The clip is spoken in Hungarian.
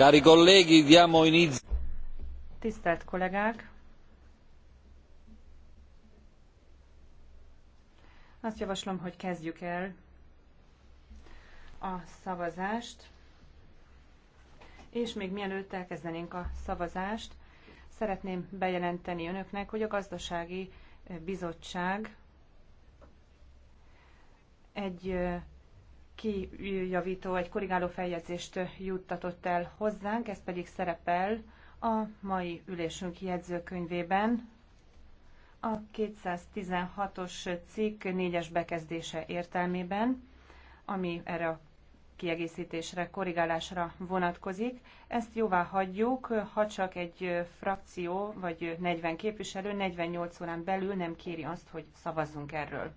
Cari colleghi, diamo inizio. Tisztelt kollégák! Azt javaslom, hogy kezdjük el a szavazást. És még mielőtt elkezdenénk a szavazást, szeretném bejelenteni önöknek, hogy a gazdasági bizottság egy kijavító, egy korrigáló feljegyzést juttatott el hozzánk, ez pedig szerepel a mai ülésünk jegyzőkönyvében. A 216-os cikk négyes bekezdése értelmében, ami erre a kiegészítésre, korrigálásra vonatkozik. Ezt jóvá hagyjuk, ha csak egy frakció vagy 40 képviselő 48 órán belül nem kéri azt, hogy szavazzunk erről.